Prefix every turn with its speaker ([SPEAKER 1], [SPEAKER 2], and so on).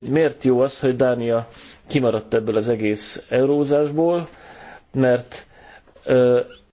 [SPEAKER 1] Miért jó az, hogy Dánia kimaradt ebből az egész eurózásból? Mert ö,